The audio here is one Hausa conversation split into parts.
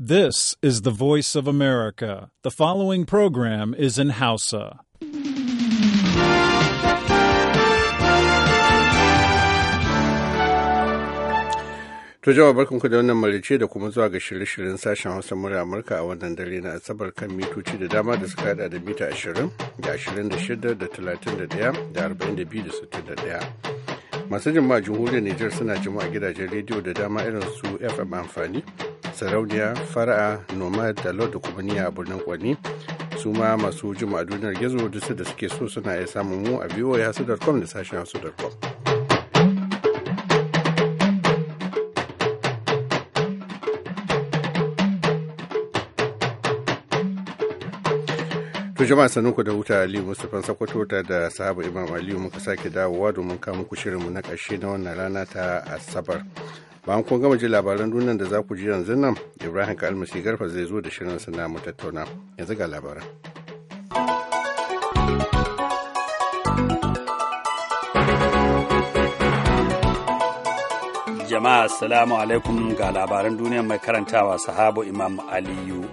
This is the voice of America. The following program is in Hausa. To jawa barkanku da wannan malice da kuma zuwa ga shirye-shiryen sashen Hausa murya Amurka a wannan dare na Asabar kan mitoci da dama da suka hada da mita 20 da 26 da 31 da 42 da 61. masu jama'a jamhuriyar Nijar suna jama'a gidajen rediyo da dama irin su FM amfani sarauniya fara'a nomad da lord da kuma a birnin kwani su ma masu juma'a duniyar gizo duk da suke so suna iya samun mu a biyo ya da sashen hasu.com. To jama'a sanin ku da huta Aliyu Mustapha Sokoto ta da sahaba Imam Aliyu muka sake dawowa domin kama kushirinmu na ƙarshe na wannan rana ta Asabar. bayan kun gama ji labaran dunan da za ku ji yanzu nan ibrahim kalmasi garfa zai zo da shirin sana mu tattauna yanzu ga labaran jama'a assalamu alaikum ga labaran duniya mai karantawa sahabo imam aliyu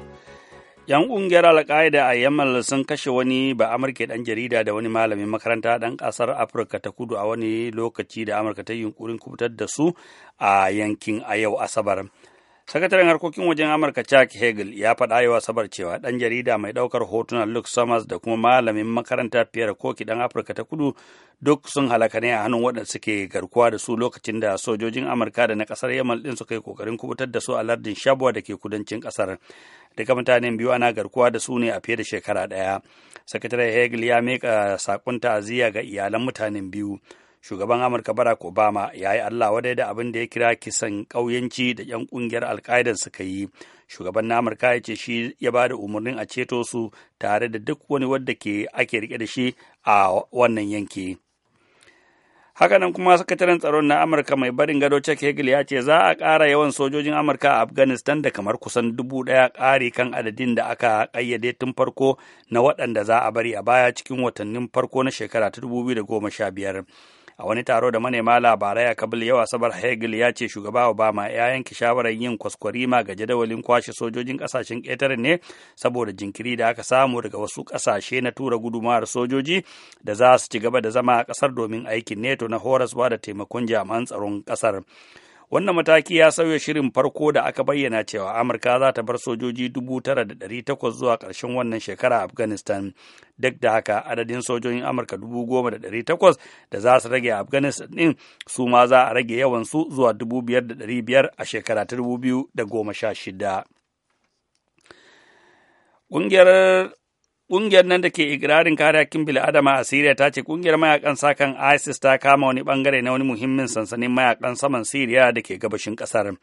'Yan ƙungiyar al a Yamal sun kashe wani ba Amurka dan jarida da wani malamin makaranta 'dan kasar Afirka ta kudu a wani lokaci da Amurka ta yi yunkurin kubutar da su a yankin a yau Asabar. sakataren harkokin wajen amurka chuck hagel ya faɗa yau sabar cewa ɗan jarida mai ɗaukar hotuna luke summers da kuma malamin makaranta fiyar koki ɗan afirka ta kudu duk sun halaka ne a hannun waɗanda suke garkuwa da su lokacin da sojojin amurka da na ƙasar yamal ɗin suka yi ƙoƙarin kubutar da su a lardin shabuwa da ke kudancin ƙasar duka mutanen biyu ana garkuwa da su ne a fiye da shekara ɗaya sakataren hagel ya miƙa saƙon ta'aziyya ga iyalan mutanen biyu shugaban amurka barack obama ya yi allah wadai da abin da ya kira kisan ƙauyenci da 'yan ƙungiyar alkaidar suka yi shugaban na amurka ya ce shi ya ba da umarnin a ceto su tare da duk wani wadda ke ake rike da shi a wannan yanki hakanan kuma sakataren tsaron na amurka mai barin gado chuck hagel ya ce za a kara yawan sojojin amurka a afghanistan da kamar kusan dubu ɗaya ƙari kan adadin da aka kayyade tun farko na waɗanda za a bari a baya cikin watannin farko na shekara ta 2015 a wani taro da manema labarai a kabul yau asabar hegel ya ce shugaba obama ya yanke shawarar yin kwaskwarima ga jadawalin kwashe sojojin kasashen ƙetare ne saboda jinkiri da aka samu daga wasu kasashe na tura gudumawar sojoji da za su ci gaba da zama a ƙasar domin aikin neto na horaswa da taimakon jami'an tsaron ƙasar. wannan mataki ya sauya shirin farko da aka bayyana cewa amurka za ta bar sojoji 9,800 zuwa ƙarshen wannan shekara a afghanistan duk da haka adadin sojojin amurka 10,800 da za su rage a afghanistan din su ma za a rage yawan su zuwa 5,500 a shekara ta 2016 ƙungiyar Ƙungiyar nan da ke ikirarin kare hakkin bil'adama a Siriya ta ce ƙungiyar mayakan sakan ISIS ta kama wani bangare na wani muhimmin sansanin mayakan saman Siriya da ke gabashin ƙasar.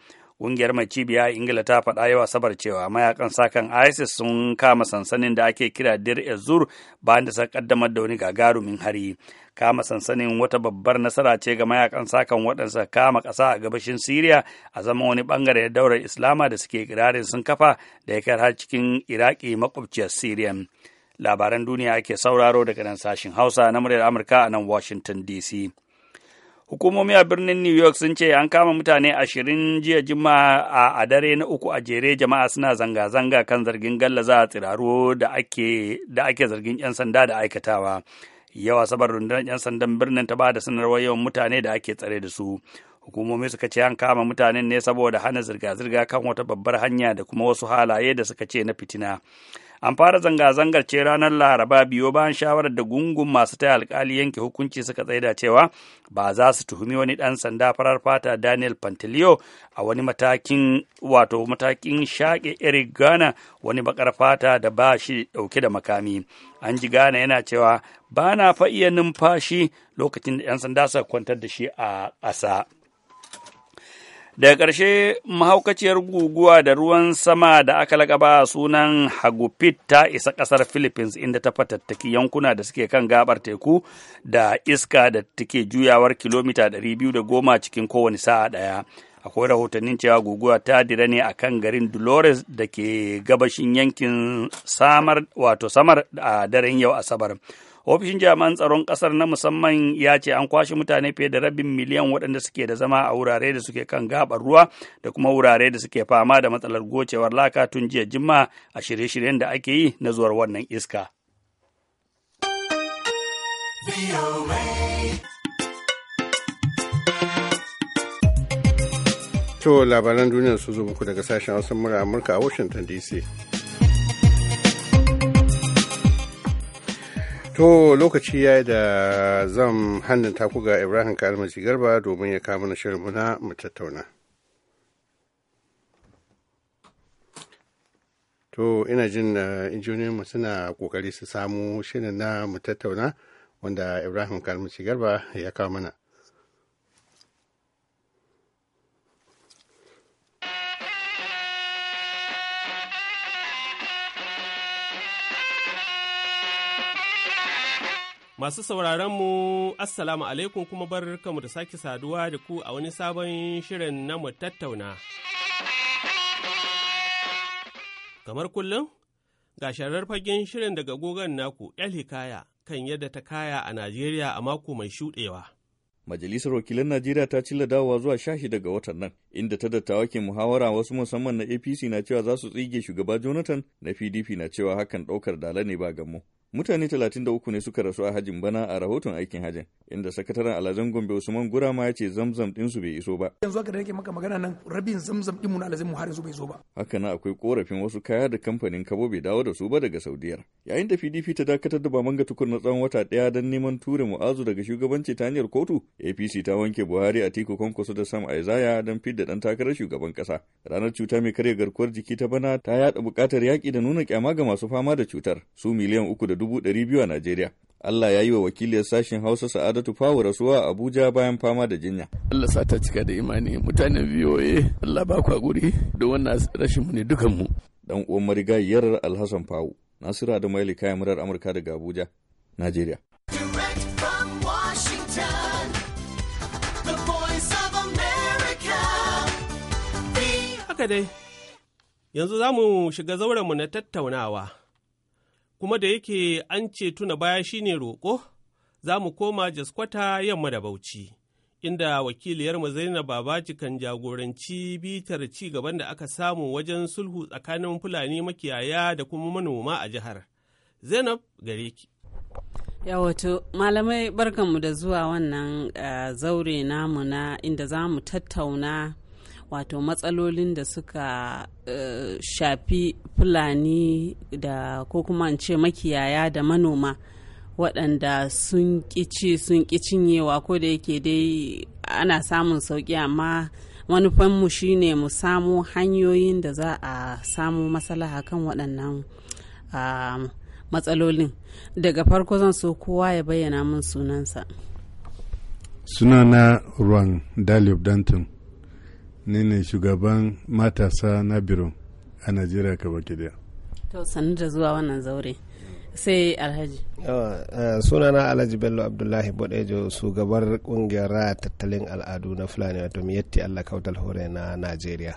Ƙungiyar mai cibiya a Ingila ta faɗa yau sabar cewa mayakan sakan ISIS sun kama sansanin da ake kira Dir ezur bayan da suka kaddamar da wani gagarumin hari. Kama sansanin wata babbar nasara ce ga mayakan sakan waɗansa kama ƙasa a gabashin Siriya a zaman wani bangare da daular Islama da suke kirarin sun kafa da ya kai har cikin Iraki makwabciyar Siriya. labaran duniya ake sauraro daga nan sashin hausa na muryar amurka a nan washington dc hukumomi a birnin new york sun ce an kama mutane ashirin jiya jima a dare na uku a jere jama'a suna zanga-zanga kan zargin gallaza a tsiraro da ake zargin 'yan sanda da aikatawa yawa sabar rundunar 'yan sandan birnin ta bada sanarwar yawan mutane da ake tsare da su hukumomi suka ce an kama mutanen ne saboda hana zirga-zirga kan wata babbar hanya da kuma wasu halaye da suka ce na fitina an fara zanga-zangar ce ranar laraba biyo bayan shawarar da gungun masu taya alkali yanke hukunci suka tsaida cewa ba za su tuhumi wani ɗan sanda farar fata daniel pantelio a wani matakin wato matakin shaƙe eric gana wani bakar fata da ba shi ɗauke da makami an ji ghana yana cewa ba na fa iya numfashi lokacin da 'yan sanda suka kwantar da shi a ƙasa. daga ƙarshe mahaukaciyar guguwa da ruwan sama da aka lakaba sunan hagupit ta isa ƙasar philippines inda ta fatattaki yankuna da suke kan gabar teku da iska da take juyawar kilomita 210 cikin kowane sa'a ɗaya akwai rahotannin cewa guguwa ta dira ne akan garin dolores da ke gabashin yankin samar wato samar a daren yau asabar ofishin jami'an tsaron kasar na musamman ya ce an kwashe mutane fiye da rabin miliyan waɗanda suke da zama a wurare da suke kan gabar ruwa da kuma wurare da suke fama da matsalar gocewar laka tun jiya jimma a shirye-shiryen da ake yi na zuwar wannan iska. To labaran duniya su zo muku daga sashen Hausa mura Amurka a Washington DC. To lokaci ya da zan hannun taku ga Ibrahim Kalmasi Garba domin ya kama na shirin muna mu tattauna. To ina jin eh, injiniyanmu suna kokari su samu shirin na mu tattauna wanda Ibrahim Kalmasi Garba ya kama. mana. Masu sauraron mu Assalamu alaikum kuma bar kamu da sake saduwa da ku a wani sabon shirin na mu tattauna. Kamar kullum, ga sharar fagen shirin daga gogon naku 'yar Hikaya kan yadda ta kaya a Najeriya a mako mai shuɗewa. Majalisar Wakilan Najeriya ta cilla dawowa zuwa shahi daga watan nan, inda ta dattawa ke muhawara wasu musamman na APC na cewa za su tsige shugaba Jonathan na PDP na cewa hakan ɗaukar dala ne ba gamo. Mutane 33 ne suka rasu a hajin bana a rahoton aikin hajin, inda sakataren alhazan Gombe Usman Gurama ya ce zamzam su bai iso ba. Yanzu haka da nake maka magana nan rabin zamzam ɗinmu na alhazan muharin su bai zo ba. Haka na akwai korafin wasu kaya da kamfanin Kabo bai dawo da su ba daga Saudiyar. Yayin da PDP ta dakatar da Bamanga Tukur na tsawon wata daya don neman ture Mu'azu daga shugabanci ta hanyar kotu, APC ta wanke Buhari a tiku Kwankwaso da Sam Aizaya don fidda ɗan takarar shugaban ƙasa. Ranar cuta mai karya garkuwar jiki ta bana ta yaɗa buƙatar yaƙi da nuna kyama ga masu fama da cutar. Su miliyan uku da dubu ɗari biyu a Najeriya. Allah ya yi wa wakiliyar sashen Hausa Sa'adatu Fawu rasuwa a Abuja bayan fama da jinya. Allah sa ta cika da imani mutanen VOA Allah ba ku guri da wannan rashin mu ne dukan mu. Dan uwan marigayiyar Alhassan Fawu Nasiru Adamu, kayan murar Amurka daga Abuja, Najeriya. dai, yanzu za mu shiga mu na tattaunawa. kuma da yake an ce tuna baya shine roƙo, za mu koma jaskwata yamma da bauchi, inda wakiliyarmu Zainab Babaji kan jagoranci bitar ci gaban da aka samu wajen sulhu tsakanin Fulani makiyaya da kuma manoma a jihar. Zainab gare ki. Ya malamai barkanmu da zuwa wannan eh, zaure namu na inda za mu tattauna wato matsalolin da suka eh, shafi fulani da ko kuma in ce makiyaya da manoma waɗanda sun ƙici sun cinyewa ko da yake dai ana samun sauƙi amma manufanmu ne mu samu hanyoyin da za a samu a kan waɗannan matsalolin daga farko zan so kowa ya bayyana min sunansa sunana ruwan dalib danton ni ne shugaban matasa na biro a najeriya ka baki daya to da zuwa wannan zaure sai alhaji eh, sunana alhaji bello abdullahi bodejo shugabar kungiyar raya tattalin al'adu na fulani wato miyatti allah kautal hore na najeriya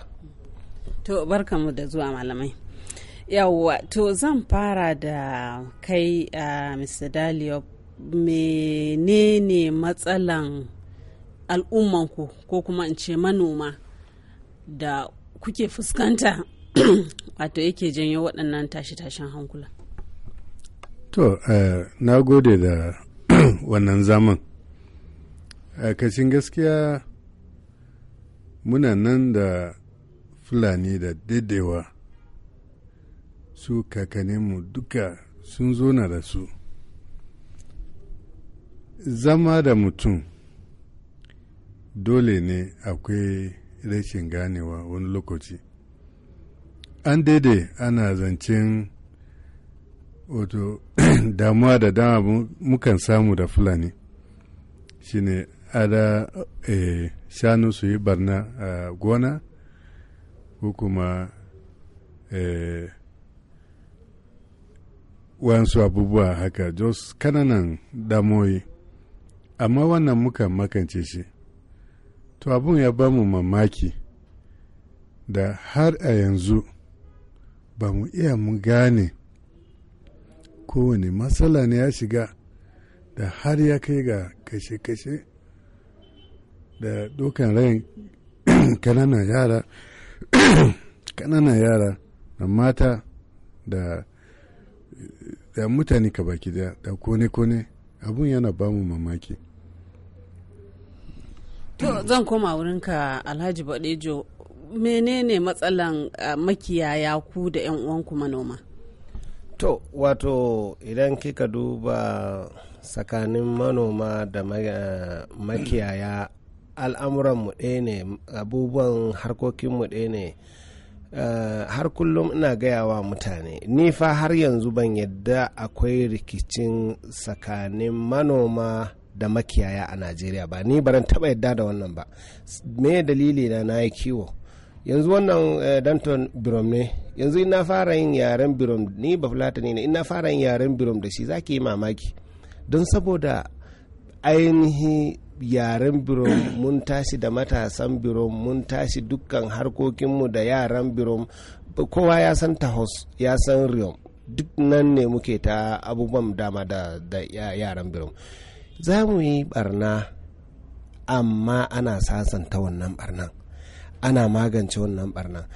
to barkamu da zuwa malamai yawwa to zan fara da kai a eh, mr dalio menene matsalan al'ummanku ko kuma in ce manoma da kuke fuskanta wato yake janyo waɗannan tashi tashen hankula to eh, na gode da wannan zaman eh, kashin gaskiya muna nan da fulani da daidaiwa su kakaninmu duka sun zo na da su zama da mutum dole ne akwai rashin ganewa wani lokaci an daidai ana zancen wato damuwa da dama mukan samu da fulani shine ada e, shanu su yi barna a gona ko kuma e, eh, wasu abubuwa haka jos kananan damoyi amma wannan mukan makance shi to abun ya ba mu mamaki da har a yanzu ba mu iya mu gane kowane matsala ne ya shiga da har ya kai ga kashe-kashe da dokan rai kananan yara kananan yara da mata da da mutane ka baki da kone-kone abun yana ba mu mamaki To zan koma wurin ka Alhaji Badejo menene matsalan eh, makiyaya ku da 'yan uwanku manoma? To wato idan kika duba tsakanin manoma da eh, makiyaya al'amuranmu ɗaya ne abubuwan harkokinmu ɗaya ne. Eh, har kullum ina gaya wa mutane ni fa har yanzu ban yadda akwai rikicin tsakanin manoma da makiyaya a najeriya ba ni baran taba yadda da wannan ba me dalili na na yi kiwo yanzu wannan eh, danton birom ne yanzu ina fara yin yaren birom ni ba fulata ne ina fara yin yaren birom da shi zaki yi mamaki don saboda ainihi yaren birom mun tashi da matasan birom mun tashi dukkan harkokinmu da yaran birom kowa ya san tahos ya san riom duk nan ne muke ta abubuwan dama da yaran birom za mu yi barna amma ana sasanta wannan barnan ana magance wannan barnan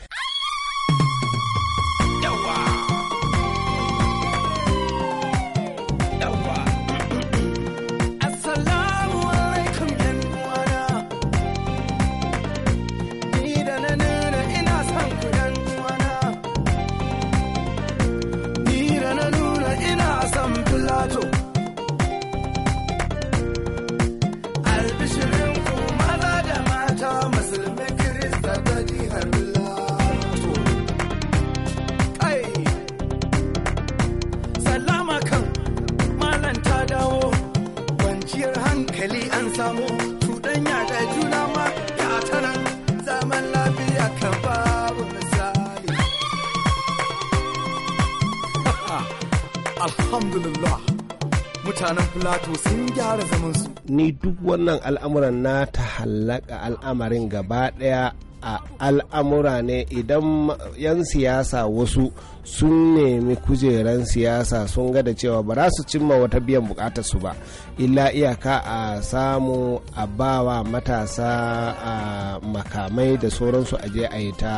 Plato sun gyara zaman su ni duk wannan al'amuran na ta hallaka al'amarin gaba daya a al'amura ne idan 'yan siyasa wasu sun nemi kujeran siyasa sun ga da cewa ba za su cimma wata biyan bukatar su ba illa iyaka a samu a bawa matasa a makamai da sauransu a je a yi ta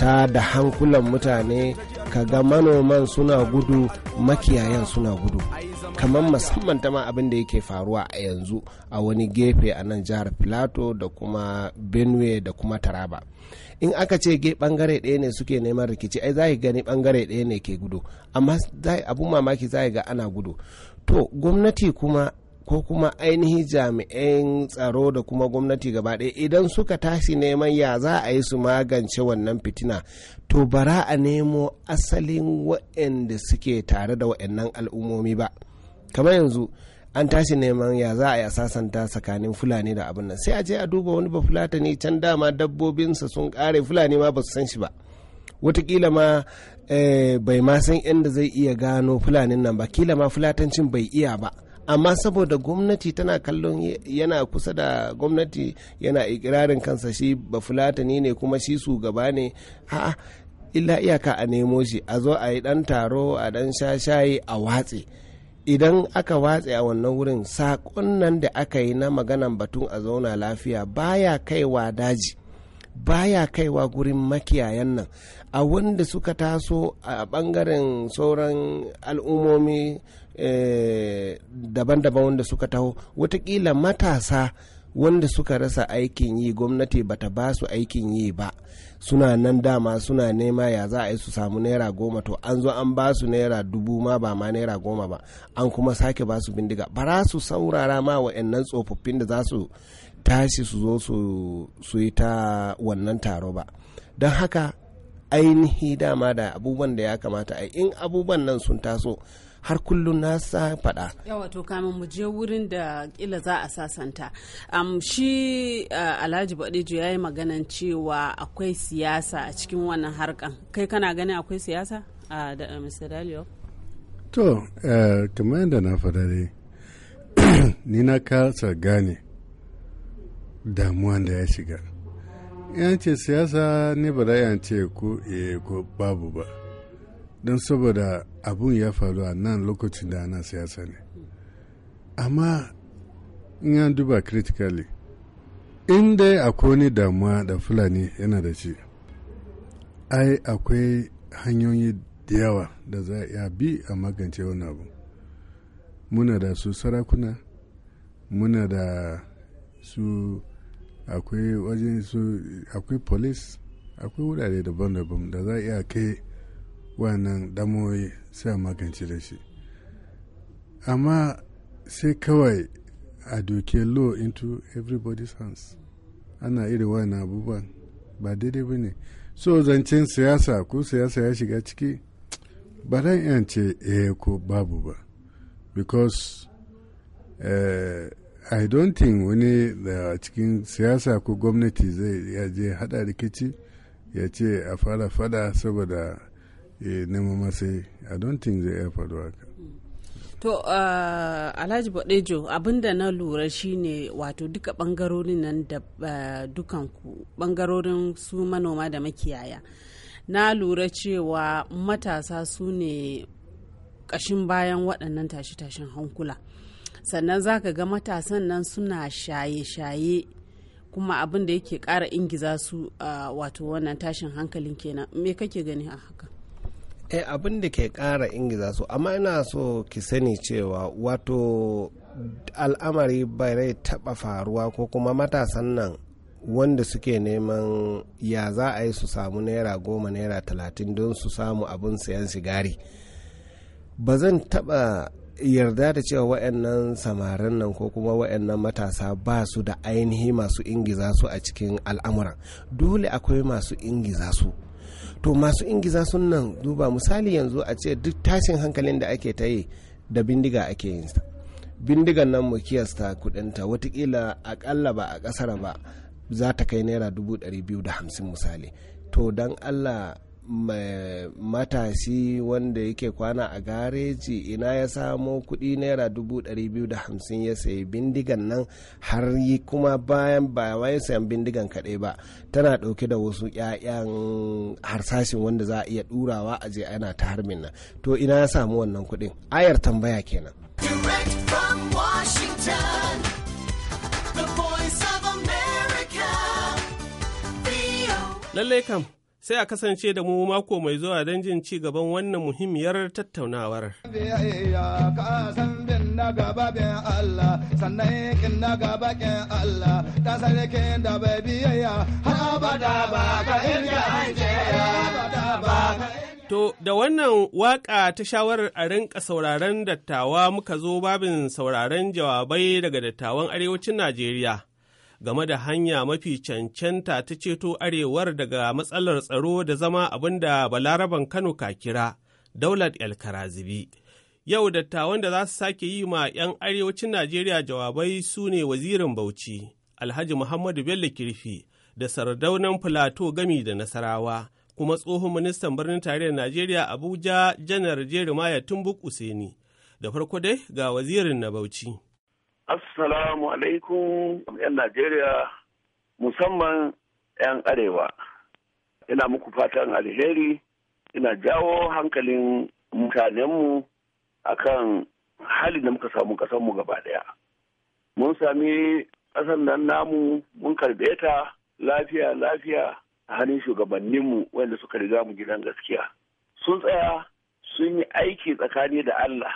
ta da hankulan mutane kaga manoman suna gudu makiyayan suna gudu kamar musamman ta ma abin da yake faruwa a yanzu a wani gefe a nan jihar filato da kuma benue da kuma taraba in aka ce ge bangare ɗaya ne suke neman rikici ai za gani bangare ɗaya ne ke gudu amma abun mamaki za ga ana gudu to gwamnati kuma ko kuma ainihin jami'an tsaro da kuma gwamnati gaba ɗaya idan suka tashi neman ya za a yi su magance wannan fitina to bara a nemo asalin waɗanda suke tare da waɗannan al'ummomi ba. kamar yanzu an tashi neman ya za a yi sasanta tsakanin fulani da abin nan sai a je a duba wani ba fulata ne can dama dabbobinsa sun kare fulani ma ba su san shi ba watakila ma eh, bai ma san inda zai iya gano fulanin nan ba kila ma fulatancin bai iya ba amma saboda gwamnati tana kallon yana kusa da gwamnati yana ikirarin kansa shi ba fulatani ne kuma shi su gaba ne ha illa iyaka a nemo shi a zo a yi dan taro a dan sha shayi a watse idan aka watse a wannan wurin saƙon nan da aka yi na maganan batun a zauna lafiya baya kaiwa daji baya kaiwa gurin makiyayan nan a wanda suka taso a ɓangaren sauran al'ummomi eh, daban-daban wanda suka taho watakila matasa wanda suka rasa aikin yi gwamnati bata ba su aikin yi ba suna nan dama suna nema ya za a yi su samu naira goma to an zo an ba su naira dubu ma ba ma naira goma ba an kuma sake ba su bindiga bara su saurara ma wa'annan tsofaffin da za su tashi su zo su yi ta wannan taro ba don haka ainihi dama da abubuwan da ya kamata a in abubuwan nan sun taso har kullum na sa faɗa. yawa to kamin mu je wurin da kila za a sasanta um, shi alhaji baɗejo ya yi maganan cewa akwai siyasa a cikin wannan harkan kai kana ganin akwai siyasa a da mr dalio to kamar yadda na faɗa dai ni na kasa gane damuwan da ya shiga yance siyasa ne ba da yance eh ko babu ba don saboda abun ya faru a nan lokacin da ana siyasa ne amma in an duba critically in dai akwai wani damuwa da fulani yana da shi ai akwai hanyoyi da yawa da za a iya bi a magance wani abu muna da su sarakuna muna da su akwai wajen su akwai police akwai wurare daban-daban da za a iya kai wannan damoyi sai a magance da shi amma sai kawai a doke law into everybody's hands ana irin wannan abubuwan ba daidai ba ne so zancen siyasa ko siyasa ya shiga ciki ba zan yance eh ko babu ba because uh, i don't think wani da cikin siyasa ko gwamnati zai yaje hada rikici ya ce a fara fada saboda Eh, na mamase i don't think zai iya faru haka to uh, alhaji baɗejo abinda na lura shine wato duka bangarorin nan da uh, dukanku bangarorin su manoma da makiyaya na lura cewa matasa su ne kashin bayan waɗannan tashe tashin hankula sannan za ka ga matasan nan suna shaye-shaye kuma abin da yake ƙara ingiza su a uh, wato wannan tashin hankalin kenan me kake gani a haka eh abin da ke kara ingiza su amma ina so ki sani cewa wato al'amari bai taba faruwa ko kuma matasan nan wanda suke neman ya za a yi su samu naira goma naira talatin don su samu abin sayan sigari ba zan taɓa yarda da cewa wa'annan samarin nan ko kuma wa'annan matasa ba su da ainihi masu ingiza su a cikin al'amuran dole akwai masu ingiza su to masu ingiza sun nan duba misali yanzu a ce duk tashin hankalin da ake ta yi da bindiga ake yin sa bindigan nan mu kiyasta kudinta watakila akalla ba a kasara ba za ta kai naira dubu ɗari biyu da hamsin misali to don allah matashi wanda yake kwana a gareji ina ya samo kuɗi naira dubu ɗari biyu da hamsin ya sayi bindigan nan har yi kuma bayan ba ya sayan bindigan kaɗai ba tana ɗauke da wasu yayan harsashin wanda za a iya ɗurawa a je ana ta harbin nan to ina ya samu wannan kuɗin ayar tambaya kenan. lallai kam sai a kasance da mu mako mai zuwa don jin ci gaban wannan muhimmiyar tattaunawar. To, da wannan waƙa ta shawarar a rinka sauraron dattawa muka zo babin sauraron jawabai daga dattawan arewacin Najeriya. game da hanya mafi cancanta ta ceto arewar daga matsalar tsaro da zama abin da balaraban Kano ka kira daulat El Karazibi. Yau dattawan da za su sake yi ma 'yan arewacin Najeriya jawabai su ne wazirin Bauchi, Alhaji Muhammadu Bello Kirfi da sardaunan Filato gami da Nasarawa, kuma tsohon ministan birnin tarayyar Najeriya Abuja Janar Jeremiah Tumbuk Useni. Da farko dai ga wazirin na Bauchi. Assalamu alaikum 'yan Najeriya musamman 'yan Arewa. Ina muku fatan alheri, ina jawo hankalin mutanenmu a kan hali da muka samu ƙasarmu gaba ɗaya. Mun sami ƙasar nan namu mun karbe ta lafiya lafiya a hannun shugabanninmu wanda suka riga mu gidan gaskiya. Sun tsaya sun yi aiki tsakani da Allah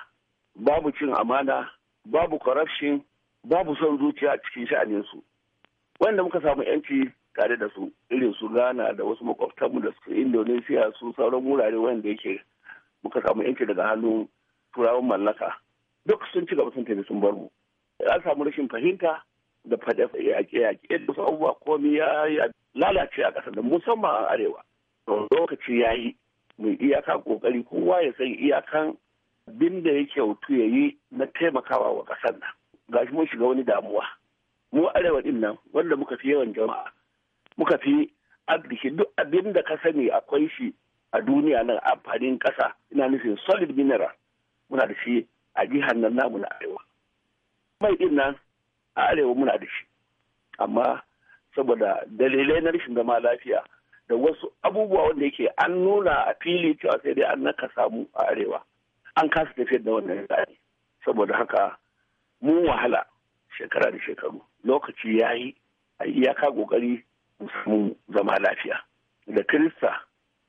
babu cin amana babu corruption babu son zuciya cikin su. wanda muka samu yanci tare da su irin su ghana da wasu makwabtanmu da su indonesia su sauran wurare wanda yake muka samu yanci daga hannun turawan mallaka duk sun ci gaba sun tafi sun bar mu Ya samu rashin fahimta da fada yaƙe-yaƙe da su abubuwa komi ya lalace a ƙasar da musamman a arewa lokaci ya yi mai iyaka ƙoƙari kowa ya san iyakan abin da ya kyautu ya yi na taimakawa wa ƙasar nan ga shi mun shiga wani damuwa mu arewa din nan wanda muka fi yawan jama'a muka fi arziki duk abin da ka sani akwai shi a duniya nan amfanin ƙasa ina nufin solid mineral muna da shi a jihar nan namu na arewa mai din nan a arewa muna da shi amma saboda dalilai na rashin zama lafiya da wasu abubuwa wanda yake an nuna a fili cewa sai dai an naka samu a arewa an kasa tafiyar da wannan tsari saboda haka mu wahala shekara da shekaru lokaci ya yi a iyaka kokari mu zama lafiya da kirista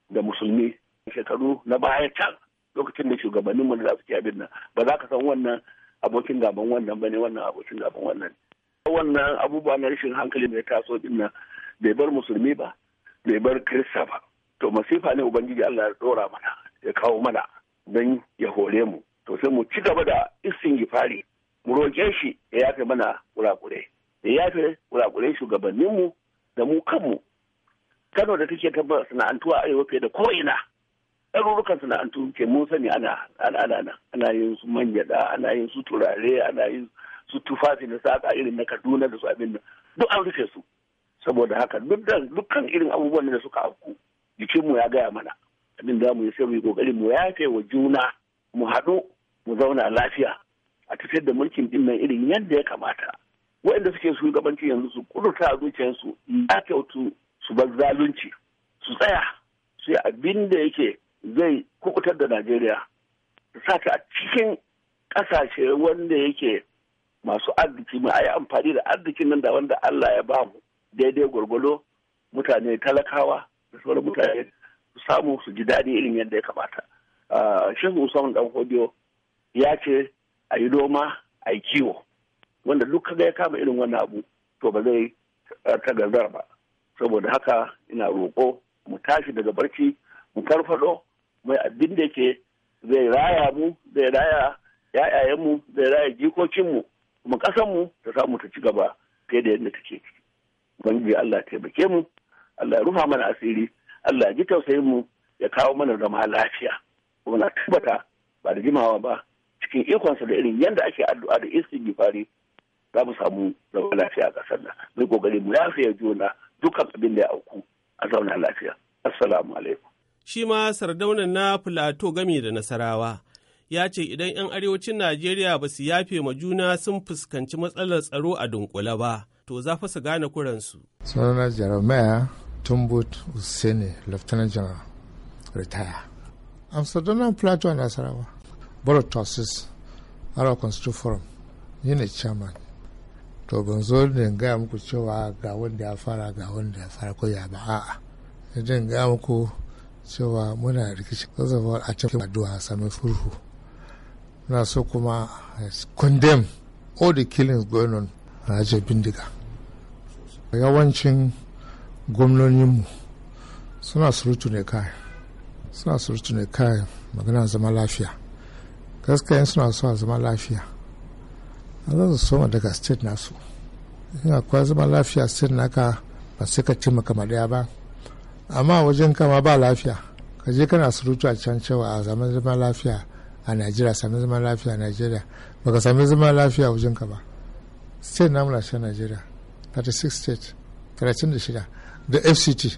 da musulmi shekaru na baya can lokacin da shugabannin mu da suke abin nan ba za ka san wannan abokin gaban wannan bane wannan abokin gaban wannan wannan abubuwa na rashin hankali da ya taso din nan bai bar musulmi ba bai bar kirista ba to masifa ne ubangiji Allah ya dora mana ya kawo mana don ya hore mu to sai mu ci gaba da istin fari mu roƙe shi ya yafe mana kurakure ya yafe kurakure shugabanninmu da mu kanmu kano da take ta sana'antuwa arewa fiye da ko'ina ɗarurrukan sana'antu ke mun sani ana ana ana yin su manyaɗa ana yin su turare ana yin su tufafi na saƙa irin na kaduna da su abin nan duk an rufe su saboda haka duk dukkan irin abubuwan da suka afku jikinmu ya gaya mana abin za mu yi sai mu yi kokari mu yafe wa juna mu haɗu mu zauna lafiya a tafiyar da mulkin din nan irin yadda ya kamata waɗanda suke gabanci yanzu su kuruta a zuciyarsu ya kyautu su bar zalunci su tsaya su yi abin da yake zai kukutar da najeriya su sa ta a cikin ƙasashe wanda yake masu arziki mu a yi amfani da arzikin nan da wanda allah ya bamu daidai gwargwado mutane talakawa da sauran mutane samu su ji daɗi irin yadda ya kamata ah, shehu usman dan hodiyo ya ce a yi noma a yi kiwo wanda duk kaga ya kama irin wannan abu to ba zai eh, tagazar ba saboda haka ina roƙo mu tashi daga barci mu karfado mai abin da ke zai raya mu zai raya yayayenmu zai raya jikokinmu kuma ƙasanmu ta samu ta ci gaba fiye da yadda take ubangiji Allah taimake mu Allah ya rufa mana asiri Allah ya ji tausayin mu ya kawo mana zama lafiya kuma na tabbata ba da jimawa ba cikin ikonsa da irin yadda ake addu'a da istighfari za mu samu zama lafiya a ƙasar nan mai kokari mu lafiya juna dukkan abin da ya auku a zauna lafiya assalamu alaikum shi ma sardaunan na filato gami da nasarawa ya ce idan 'yan arewacin najeriya ba su yafe ma juna sun fuskanci matsalar tsaro a dunkule ba to za fa su gane kuransu sunana jeremiah tumbut usene lieutenant general retire amsterdam plateau nasarawa board of trustees ara constitute forum ni ne chairman to ban zo ne gaya muku cewa ga wanda ya fara ga wanda ya fara ko ya ba a'a ne zan gaya muku cewa muna rikici zazzaba a cikin addu'a sami furhu na so kuma condemn all the killings going on a bindiga yawancin gwamnoninmu suna surutu ne kai suna surutu ne kai magana zama lafiya gaskiya suna so a zama lafiya a zan su soma daga state nasu in akwai zama lafiya state naka ba sai ka ce maka maɗaya ba amma wajen kama ba lafiya ka je kana surutu a can cewa a zama zama lafiya a najeriya sami zama lafiya a najeriya baka sami zama lafiya wajen ka ba state namu na shan najeriya 36 state 36 da fct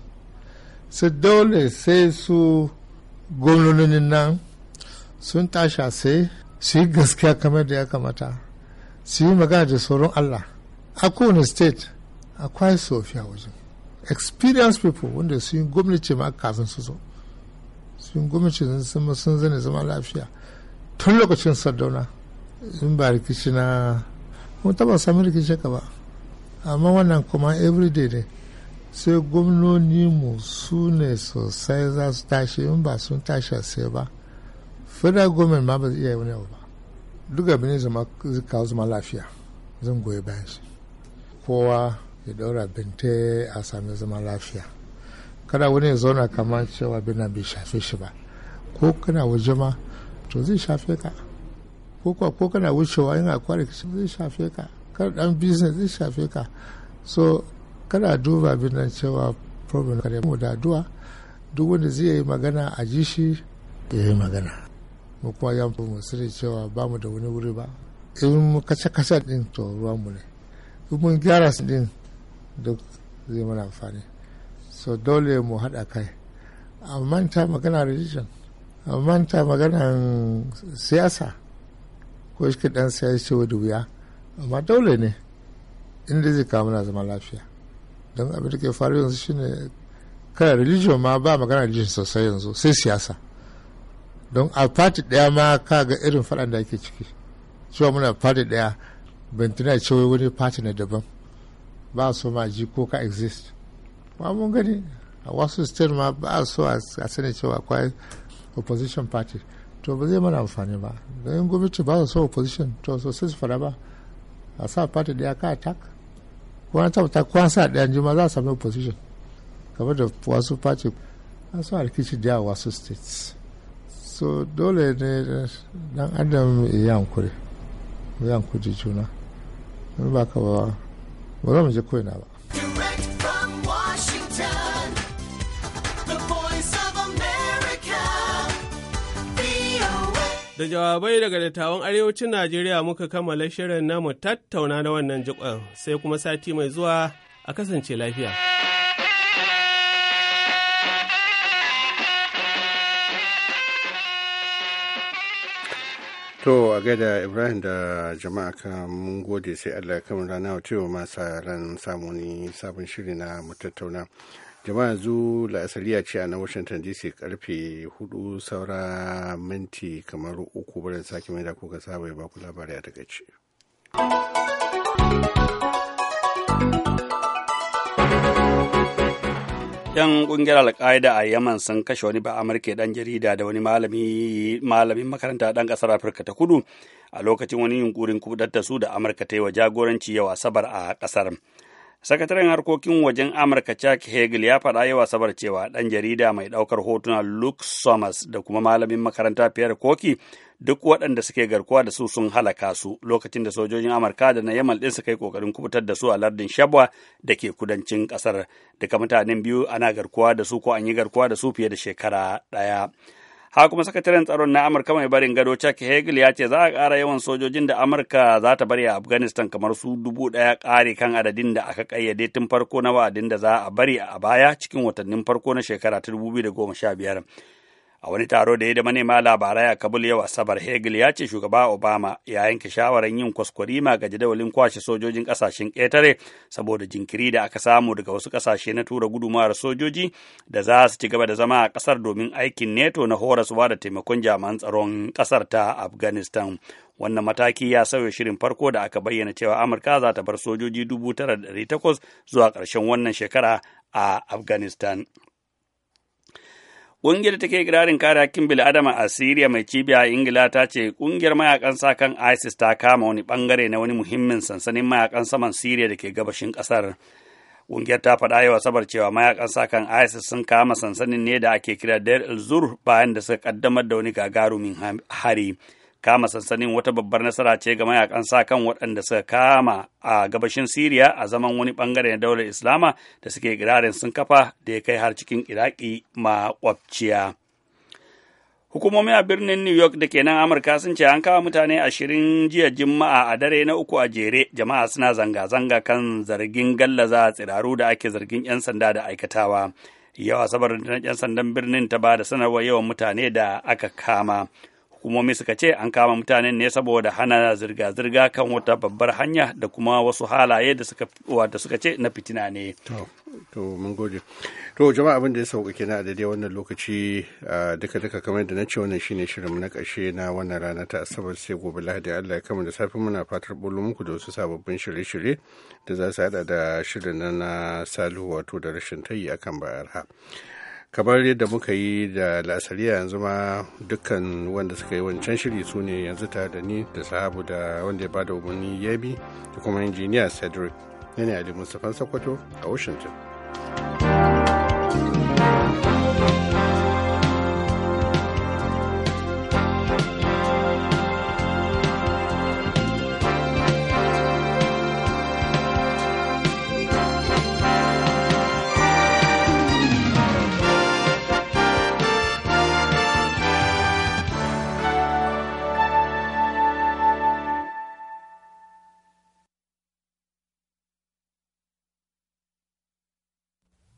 su dole sai su gwamnonin nan sun tasha sai su yi gaskiya kamar da ya kamata su yi magana da sauran allah a kowane state akwai sofiya wajen experience people wanda su yi gwamnati ma kafin su zo su yi gwamnati sun zane zama lafiya tun lokacin sardauna in ba rikici na mun taba sami rikici ka ba amma wannan kuma everyday ne sai gwamnoni mu su ne sosai za su tashi in ba sun tashi sai ba federal government ma ba zai iya wani ba duk abin ne zama kawo zama lafiya zan goyi bayan shi kowa ya daura binte a sami zama lafiya kada wani ya zauna kamar cewa bina bai shafe shi ba ko kana waje ma to zai shafe ka ko ko kana wucewa yana kwarik zai shafe ka kar dan business zai shafe ka so kada duba nan cewa problem kare mu da addu'a duk wanda zai yi magana a ji shi ya yi magana mu kuma ya mu sani cewa ba mu da wani wuri ba in mu kace kasa din to ruwan mu ne in mun gyara su din duk zai mana amfani so dole mu haɗa kai a manta magana religion a manta maganan siyasa ko shi dan siyasa ce wuya amma dole ne inda zai kawo mana zama lafiya don abin da ke faru yanzu shine kana religion ma ba magana religion sosai yanzu sai siyasa don a fati daya ma ka ga irin faɗan da ake ciki cewa muna fati daya bentina ce cewa wani fati na daban ba so ma ji ko ka exist ma mun gani a wasu state ma ba so a sani cewa akwai opposition party to ba zai mana amfani ba don gwamnati ba su so opposition to sosai su fara ba a sa party daya ka attack kuma ta kwasa da juma za su sami opposition kamar da wasu face su rikici da wasu states so dole ne dan adam ya hankuri ya hankuri juna ba ka ba ba za mu je na ba Da jawabai daga dattawan arewacin Najeriya muka kammala shirin namu tattauna na wannan jikon sai kuma sati mai zuwa a kasance lafiya. To a gaida Ibrahim da jama'a ka mun gode sai Allah ya kamar rana wa masa ran samuni sabon shiri na mu tattauna. jama'a yanzu la'asariya ce a na washington dc karfe hudu saura minti kamar uku barin sake mai da kuka saba ya baku labari a takaice yan kungiyar alkaida a yaman sun kashe wani ba amurka dan jarida da wani malamin makaranta dan kasar afirka ta kudu a lokacin wani yunkurin kudar da su da amurka ta yi wa jagoranci yau asabar a kasar Sakataren harkokin wajen Amurka Chuck Hagel ya faɗa yawa sabar cewa ɗan jarida mai ɗaukar hotuna Luke Somers da kuma malamin makaranta Pierre Koki duk waɗanda suke garkuwa da su sun halaka su lokacin da sojojin Amurka da na Yamal ɗin suka yi ƙoƙarin kubutar da su a lardin Shabwa da ke kudancin ƙasar. Duka mutanen biyu ana garkuwa da su ko an yi garkuwa da su fiye da shekara ɗaya. haka kuma sakataren tsaron na amurka mai barin gado chuck hagel ya ce za a ƙara yawan sojojin da amurka za ta bari a afghanistan kamar su dubu ɗaya ƙari kan adadin da aka ƙayyade tun farko na wa'adin da za a bari a baya cikin watannin farko na shekara ta 2015 a wani taro da ya da manema labarai a kabul yau asabar hegel ya ce shugaba obama ya yanke shawarar yin kwaskwarima ga jadawalin kwashe sojojin kasashen ƙetare saboda jinkiri da aka samu daga wasu kasashe na tura gudumawar sojoji da za su ci gaba da zama a ƙasar domin aikin neto na horaswa da taimakon jami'an tsaron ƙasar ta afghanistan wannan mataki ya sauya shirin farko da aka bayyana cewa amurka za ta bar sojoji dubu tara da takwas zuwa ƙarshen wannan shekara a afghanistan Ƙungiyar take kirarin kare hakkin bil'adama a Siriya mai cibiya a Ingila ta ce ƙungiyar mayakan sakan ISIS ta kama wani bangare na wani muhimmin sansanin mayakan saman Siriya da ke gabashin ƙasar. Ƙungiyar ta faɗa yawa Asabar cewa mayakan sakan ISIS sun kama sansanin ne da ake kira Deir el-Zur bayan da suka ƙaddamar da wani gagarumin hari. kama sansanin wata babbar nasara ce ga mayakan sa kan waɗanda suka kama a gabashin Siriya a zaman wani bangare na daular Islama da suke girarin sun kafa da ya kai har cikin Iraki makwabciya. Hukumomi a birnin New York da ke nan Amurka sun ce an kawo mutane ashirin jiya Juma'a a dare na uku a jere jama'a suna zanga-zanga kan zargin gallaza tsiraru da ake zargin 'yan sanda da aikatawa. Yawa sabar 'yan sandan birnin ta ba da sanarwa yawan mutane da aka kama. hukumomi suka ce an kama mutanen ne saboda hana zirga-zirga kan wata babbar hanya da kuma wasu halaye da suka suka ce na fitina ne to mun gode to jama'a abin da ya sauka kenan a daidai wannan lokaci duka duka kamar da na ce wannan shine shirin na ƙarshe na wannan rana ta asabar sai gobe lahadi Allah ya kama da safe muna fatar bulu muku da wasu sababbin shirye-shirye da za su haɗa da shirin na salu wato da rashin tayi akan bayar ha kamar yadda muka yi da la'asariya yanzu ma dukkan wanda suka yi wancan shiri su ne yanzu ta da ni da sahabu da wanda ya ba da umarni yabi da kuma injiniya cedric ne ne a sokoto sakwato a washington